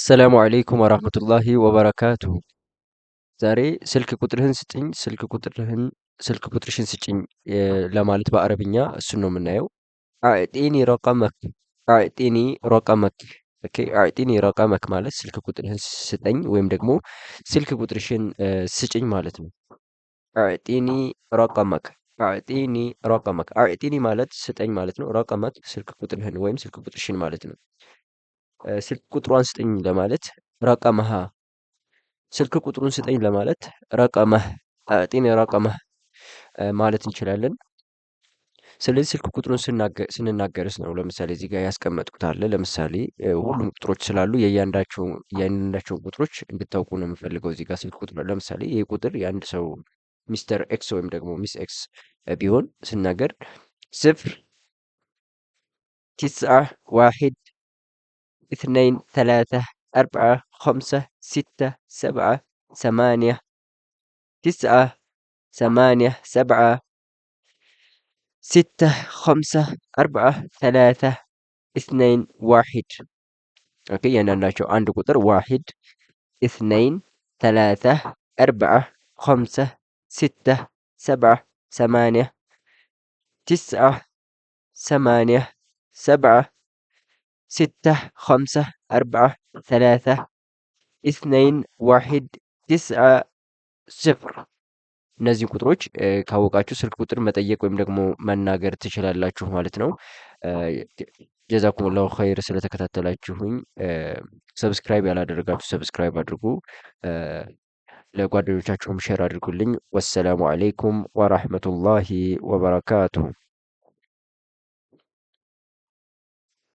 አሰላሙ አለይኩም ወራህመቱላሂ ወበረካቱ። ዛሬ ስልክ ቁጥርህን ስጭኝ፣ ስልክ ቁጥርህን ስልክ ቁጥርሽን ስጭኝ ለማለት በአረብኛ እሱን ነው የምናየው። አዕጢኒ ረቀመክ፣ አዕጢኒ ረቀመክ። ኦኬ አዕጢኒ ረቀመክ ማለት ስልክ ቁጥርህን ስጠኝ ወይም ደግሞ ስልክ ቁጥርሽን ስጭኝ ማለት ነው። አዕጢኒ ረቀመክ፣ አዕጢኒ ረቀመክ። አዕጢኒ ማለት ስጠኝ ማለት ነው። ረቀመክ ስልክ ቁጥርህን ወይም ስልክ ቁጥርሽን ማለት ነው። ስልክ ቁጥሯን ስጠኝ ለማለት ረቀመሃ፣ ስልክ ቁጥሩን ስጠኝ ለማለት ረቀመህ፣ ጤና ረቀመህ ማለት እንችላለን። ስለዚህ ስልክ ቁጥሩን ስንናገርስ ነው። ለምሳሌ እዚህ ጋር ያስቀመጥኩት አለ። ለምሳሌ ሁሉም ቁጥሮች ስላሉ የእያንዳንዳቸውን ቁጥሮች እንድታውቁ ነው የምፈልገው። እዚህ ጋር ስልክ ቁጥር ለምሳሌ ይህ ቁጥር የአንድ ሰው ሚስተር ኤክስ ወይም ደግሞ ሚስ ኤክስ ቢሆን ስናገር ስፍር ቲስዓ ዋሂድ اثنين ثلاثة أربعة خمسة ستة سبعة ثمانية تسعة ثمانية سبعة ستة خمسة أربعة ثلاثة اثنين واحد أوكي يعني أنا شو عندك قدر واحد اثنين ثلاثة أربعة خمسة ستة سبعة ثمانية تسعة ثمانية سبعة ستة خمسة أربعة ثلاثة اثنين واحد تسعة ስፍር እነዚህን ቁጥሮች ካወቃችሁ ስልክ ቁጥር መጠየቅ ወይም ደግሞ መናገር ትችላላችሁ ማለት ነው። ጀዛኩሙላሁ ኸይር ስለተከታተላችሁኝ። ሰብስክራይብ ያላደረጋችሁ ሰብስክራይብ አድርጉ፣ ለጓደኞቻችሁም ሼር አድርጉልኝ። ወሰላሙ አሌይኩም ወራህመቱላሂ ወበረካቱሁ።